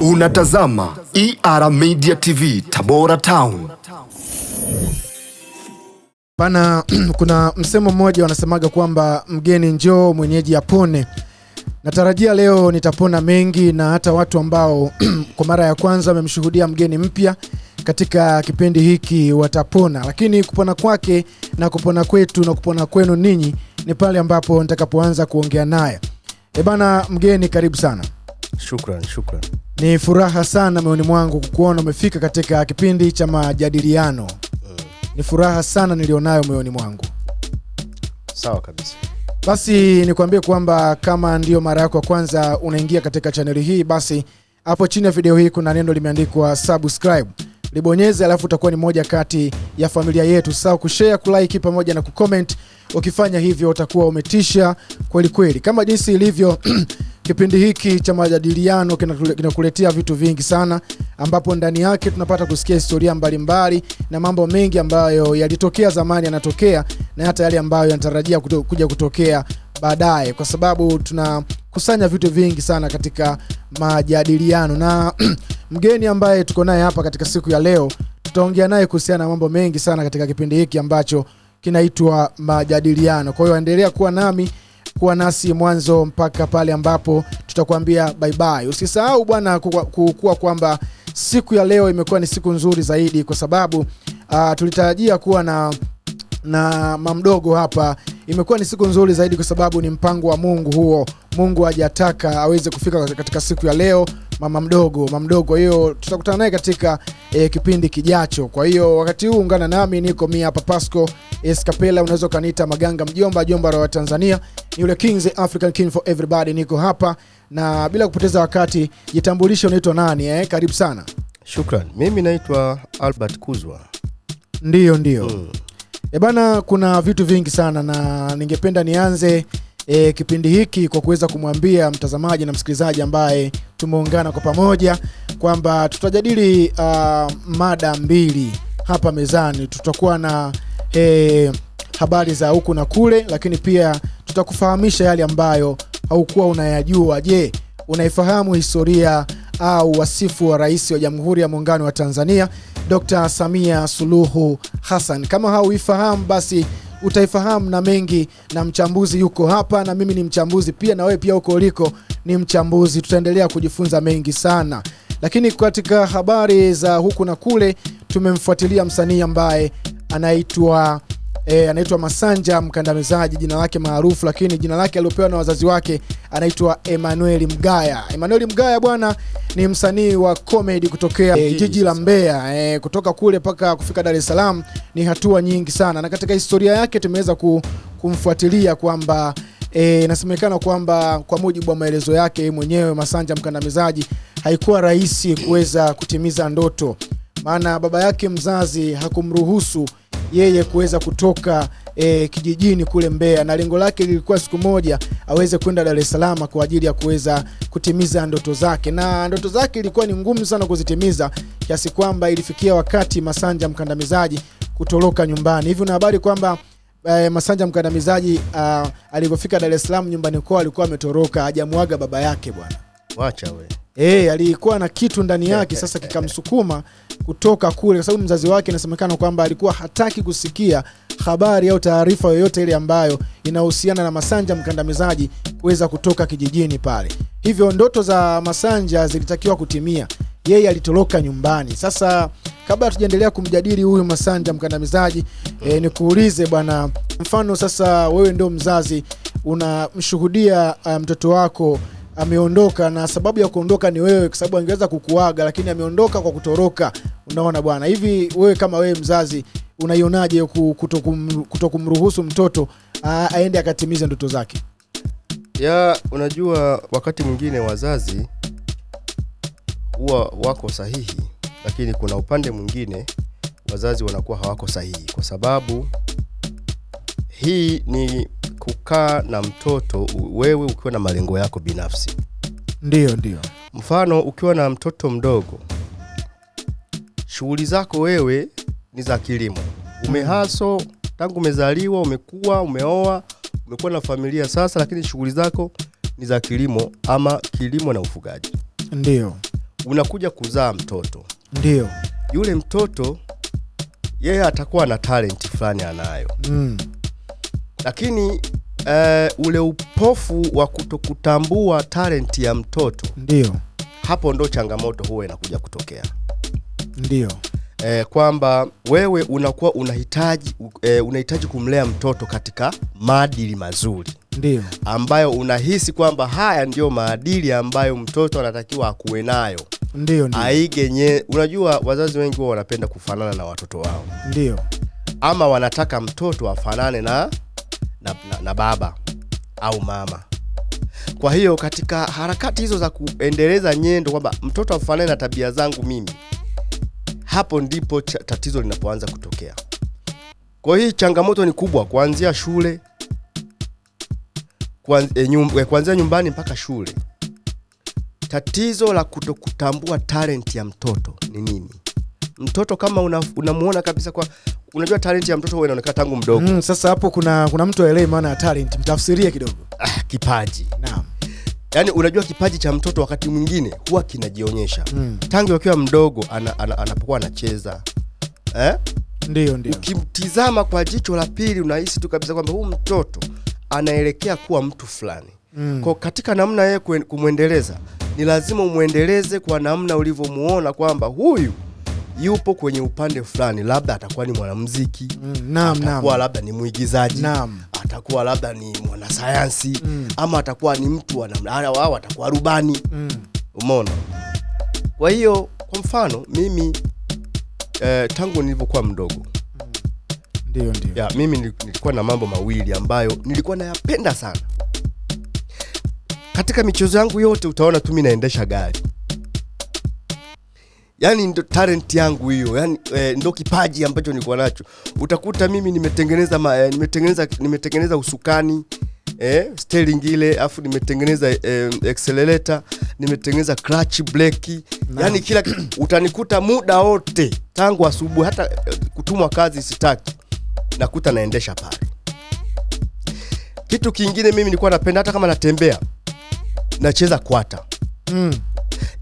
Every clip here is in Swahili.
Unatazama ER Media TV Tabora Town. Bana, kuna msemo mmoja wanasemaga kwamba mgeni njoo mwenyeji apone. Natarajia leo nitapona mengi na hata watu ambao kwa mara ya kwanza wamemshuhudia mgeni mpya katika kipindi hiki watapona, lakini kupona kwake na kupona kwetu na kupona kwenu ninyi ni pale ambapo nitakapoanza kuongea naye. E bana, mgeni, karibu sana. Shukran, shukran. Ni furaha sana moyoni mwangu kukuona umefika katika kipindi cha majadiliano. Ni furaha sana nilionayo moyoni mwangu. Sawa kabisa. Basi nikuambie kwamba kama ndiyo mara yako ya kwanza unaingia katika chaneli hii, basi hapo chini ya video hii kuna neno limeandikwa subscribe, libonyeze, alafu utakuwa ni moja kati ya familia yetu. Sawa, kushare, kulike pamoja na kucomment. Ukifanya hivyo utakuwa umetisha kweli kweli, kama jinsi ilivyo Kipindi hiki cha majadiliano kinakuletea vitu vingi sana, ambapo ndani yake tunapata kusikia historia mbalimbali mbali, na mambo mengi ambayo yalitokea zamani yanatokea na hata yale ambayo yanatarajia kuja kutokea baadaye, kwa sababu tunakusanya vitu vingi sana katika majadiliano na mgeni ambaye tuko naye hapa katika siku ya leo, tutaongea naye kuhusiana na mambo mengi sana katika kipindi hiki ambacho kinaitwa majadiliano. Kwa hiyo endelea kuwa nami kuwa nasi mwanzo mpaka pale ambapo tutakuambia bye bye. Usisahau bwana kukuwa kwamba siku ya leo imekuwa ni siku nzuri zaidi kwa sababu uh, tulitarajia kuwa na na mamdogo hapa. Imekuwa ni siku nzuri zaidi kwa sababu ni mpango wa Mungu huo. Mungu hajataka aweze kufika katika siku ya leo mama mdogo, mama mdogo. Kwa hiyo tutakutana naye katika e, kipindi kijacho. Kwa hiyo wakati huu ungana nami, niko mia hapa Pasco Escapela, unaweza ukaniita Maganga Mjomba, jomba wa Tanzania, ni yule Kings African King for everybody. Niko hapa na bila kupoteza wakati, jitambulishe, unaitwa nani eh? Karibu sana. Shukran, mimi naitwa Albert Kuzwa. Ndiyo, ndiyo. Mm. ebana eh, kuna vitu vingi sana na ningependa nianze e, kipindi hiki kwa kuweza kumwambia mtazamaji na msikilizaji ambaye tumeungana kwa pamoja kwamba tutajadili uh, mada mbili hapa mezani. Tutakuwa na e, habari za huku na kule, lakini pia tutakufahamisha yale ambayo haukuwa unayajua. Je, unaifahamu historia au wasifu wa Rais wa Jamhuri ya Muungano wa Tanzania Dr. Samia Suluhu Hassan? Kama hauifahamu basi utaifahamu na mengi, na mchambuzi yuko hapa na mimi ni mchambuzi pia, na wewe pia uko uliko ni mchambuzi. Tutaendelea kujifunza mengi sana, lakini katika habari za huku na kule tumemfuatilia msanii ambaye anaitwa e, anaitwa Masanja Mkandamizaji, jina lake maarufu, lakini jina lake aliopewa na wazazi wake anaitwa Emmanuel Mgaya. Emmanuel Mgaya bwana ni msanii wa comedy kutokea e, jiji la Mbeya e, kutoka kule mpaka kufika Dar es Salaam ni hatua nyingi sana, na katika historia yake tumeweza ku, kumfuatilia kwamba inasemekana kwamba kwa mujibu wa maelezo yake mwenyewe Masanja Mkandamizaji, haikuwa rahisi kuweza kutimiza ndoto, maana baba yake mzazi hakumruhusu yeye kuweza kutoka e, kijijini kule Mbeya, na lengo lake lilikuwa siku moja aweze kwenda Dar es Salaam kwa ajili ya kuweza kutimiza ndoto zake, na ndoto zake ilikuwa ni ngumu sana kuzitimiza kiasi kwamba ilifikia wakati Masanja mkandamizaji kutoroka nyumbani. Hivi una habari kwamba e, Masanja mkandamizaji ah, alipofika Dar es Salaam nyumbani kwao alikuwa ametoroka, hajamuaga baba yake bwana. Wacha wewe. E, alikuwa na kitu ndani yake sasa kikamsukuma kutoka kule, kwa sababu mzazi wake inasemekana kwamba alikuwa hataki kusikia habari au taarifa yoyote ile ambayo inahusiana na Masanja mkandamizaji kuweza kutoka kijijini pale. Hivyo ndoto za Masanja zilitakiwa kutimia, yeye alitoroka nyumbani. Sasa kabla hatujaendelea kumjadili huyu Masanja mkandamizaji e, nikuulize bwana, mfano sasa wewe ndio mzazi unamshuhudia eh, mtoto um, wako ameondoka, na sababu ya kuondoka ni wewe, kwa sababu angeweza kukuaga, lakini ameondoka kwa kutoroka. Unaona bwana, hivi wewe kama wewe mzazi unaionaje kutokumruhusu mtoto aende akatimize ndoto zake? Ya, unajua wakati mwingine wazazi huwa wako sahihi, lakini kuna upande mwingine wazazi wanakuwa hawako sahihi, kwa sababu hii ni kukaa na mtoto wewe ukiwa na malengo yako binafsi. ndio ndio Mfano, ukiwa na mtoto mdogo, shughuli zako wewe ni za kilimo, umehaso tangu umezaliwa, umekuwa, umeoa, umekuwa na familia sasa, lakini shughuli zako ni za kilimo ama kilimo na ufugaji. ndio Unakuja kuzaa mtoto. ndio Yule mtoto yeye atakuwa na talenti fulani anayo mm lakini uh, ule upofu wa kutokutambua talent ya mtoto ndio hapo ndo changamoto huwa inakuja kutokea, ndio e, kwamba wewe unakuwa unahitaji e, unahitaji kumlea mtoto katika maadili mazuri, ndio ambayo unahisi kwamba haya ndiyo maadili ambayo mtoto anatakiwa akuwe nayo, ndio aige nye. Unajua, wazazi wengi wao wanapenda kufanana na watoto wao, ndio ama wanataka mtoto afanane na na, na, na baba au mama. Kwa hiyo katika harakati hizo za kuendeleza nyendo kwamba mtoto afanane na tabia zangu mimi, hapo ndipo tatizo linapoanza kutokea. Kwa hiyo hii changamoto ni kubwa, kuanzia shule, eh, eh, kuanzia nyumbani mpaka shule. Tatizo la kutokutambua talent ya mtoto ni nini? Mtoto kama unamuona una kabisa kwa unajua talent ya mtoto huwa inaonekana tangu mdogo. Mm, sasa hapo kuna kuna mtu aelewe maana ya talent, mtafsirie kidogo. Ah, kipaji. Naam. Yaani unajua kipaji cha mtoto wakati mwingine huwa kinajionyesha mm. tangu akiwa mdogo anapokuwa ana, anacheza eh? Ndio, ndio. Ukimtizama kwa jicho la pili unahisi tu kabisa kwamba huu mtoto anaelekea kuwa mtu fulani mm. Kwa katika namna yeye kumwendeleza ni lazima umwendeleze kwa namna ulivyomuona kwamba huyu yupo kwenye upande fulani, labda atakuwa ni mwanamziki mm, atakuwa labda ni mwigizaji naam, atakuwa labda ni mwanasayansi mm, ama atakuwa ni mtu au atakuwa rubani mm. Umeona? Kwa hiyo kwa mfano mimi eh, tangu nilivyokuwa mdogo mm. Ndio, ndio. Ya, mimi nilikuwa na mambo mawili ambayo nilikuwa nayapenda sana katika michezo yangu yote, utaona tu mimi naendesha gari yani ndo talent yangu hiyo, yani eh, ndo kipaji ambacho nilikuwa nacho. Utakuta mimi nimetengeneza ma, eh, nimetengeneza nimetengeneza usukani eh, steering ile, afu nimetengeneza eh, accelerator, nimetengeneza clutch brake, yani kila utanikuta muda wote tangu asubuhi, hata eh, kutumwa kazi sitaki, nakuta naendesha pale. Kitu kingine mimi nilikuwa napenda, hata kama natembea nacheza kwata mm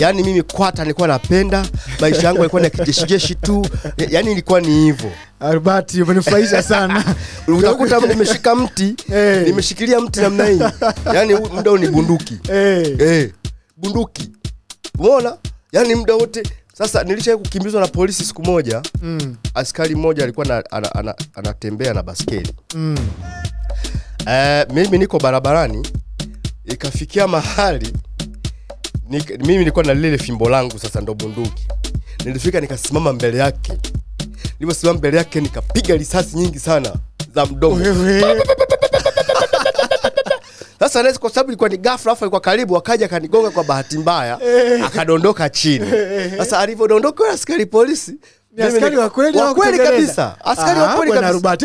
yani mimi kwata nilikuwa napenda maisha yangu yalikuwa ni kijeshijeshi tu, yani ilikuwa ni hivyo. Albert, umenifurahisha sana. Utakuta nimeshika mti, hey. Eh. Nimeshikilia mti namna hii, yani muda ni bunduki hey. Eh. Eh. Hey. Bunduki, umeona? yani muda wote sasa nilisha kukimbizwa na polisi siku moja mm. Askari mmoja alikuwa anatembea na baskeli mm. Uh, mimi niko barabarani, ikafikia mahali mimi nilikuwa na lile fimbo langu sasa ndo bunduki. Nilifika nikasimama mbele yake, niliposimama mbele yake nikapiga risasi nyingi sana za mdomo sasa nesi kwa sababu ilikuwa ni ghafla, afa ilikuwa karibu, akaja akanigonga kwa bahati mbaya, eh. akadondoka chini. Eh. Sasa alivyodondoka yule askari polisi, askari wa kweli kabisa, askari wa kweli kabisa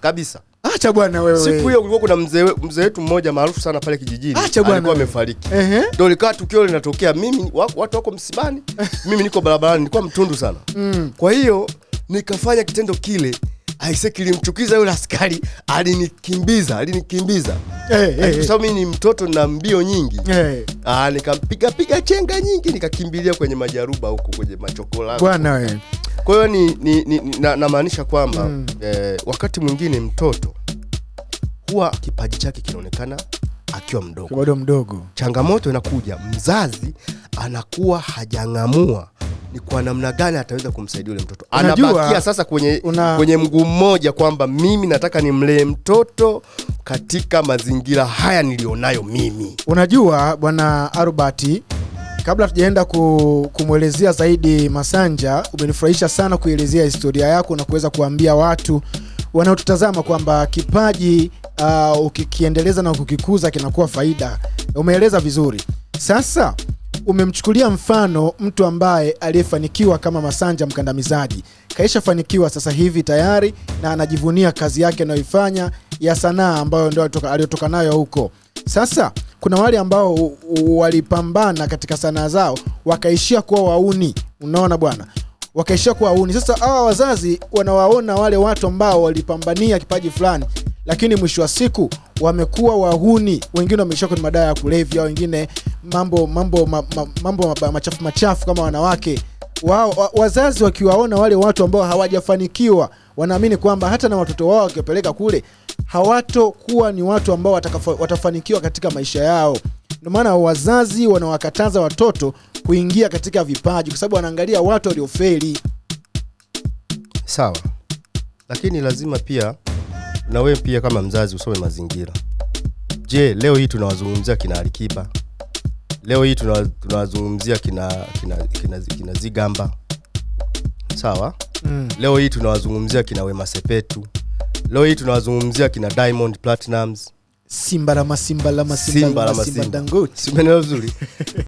kabisa Acha bwana wewe. Siku hiyo kulikuwa kuna mzee mzee wetu mmoja maarufu sana pale kijijini. Acha bwana. Alikuwa amefariki. Ehe. Ndio likawa tukio linatokea, mimi watu wako msibani, mimi niko barabarani, nilikuwa mtundu sana. Mm. Kwa hiyo nikafanya kitendo kile aise, kilimchukiza yule askari, alinikimbiza, alinikimbiza. Hey, eh, hey, kwa eh, sababu eh. mimi ni mtoto na mbio nyingi. Hey. Ah, nikampiga piga chenga nyingi, nikakimbilia kwenye majaruba huko kwenye machokola. Bwana wewe. Kwa hiyo ni, ni, ni, namaanisha na kwamba mm. eh, wakati mwingine mtoto huwa kipaji chake kinaonekana akiwa mdogo, bado mdogo. Changamoto inakuja mzazi anakuwa hajang'amua ni kwa namna gani ataweza kumsaidia yule mtoto. Anabakia sasa kwenye, una... kwenye mguu mmoja kwamba mimi nataka nimlee mtoto katika mazingira haya nilionayo mimi. Unajua Bwana Arubati Kabla tujaenda kumwelezea zaidi Masanja, umenifurahisha sana kuelezea historia yako na kuweza kuambia watu wanaotutazama kwamba kipaji uh, ukikiendeleza na kukikuza kinakuwa faida. Umeeleza vizuri. Sasa umemchukulia mfano mtu ambaye aliyefanikiwa kama Masanja Mkandamizaji, kaishafanikiwa sasa hivi tayari na anajivunia kazi yake anayoifanya ya sanaa ambayo ndio aliyotoka nayo huko. Sasa kuna wale ambao walipambana katika sanaa zao wakaishia kuwa wauni, unaona bwana, wakaishia kuwa wauni. Sasa hawa wazazi wanawaona wale watu ambao walipambania kipaji fulani, lakini mwisho wa siku wamekuwa wahuni, wengine wameishia kwenye madawa ya kulevya, wengine mambo mambo ma, ma, mambo machafu machafu kama wanawake wao. Wa, wazazi wakiwaona wale watu ambao hawajafanikiwa, wanaamini kwamba hata na watoto wao wakiwapeleka kule hawatokuwa ni watu ambao watafanikiwa katika maisha yao. Ndio maana wazazi wanawakataza watoto kuingia katika vipaji, kwa sababu wanaangalia watu waliofeli. Sawa, lakini lazima pia na wewe pia kama mzazi usome mazingira. Je, leo hii tunawazungumzia kina Alikiba, leo hii tunawazungumzia kina, kina, kina, kina Zigamba sawa, mm. leo hii tunawazungumzia kina Wema Sepetu leo hii tunawazungumzia kina Diamond Platnumz, simbalama simbalama simbalama la Dangote, simeneo vizuri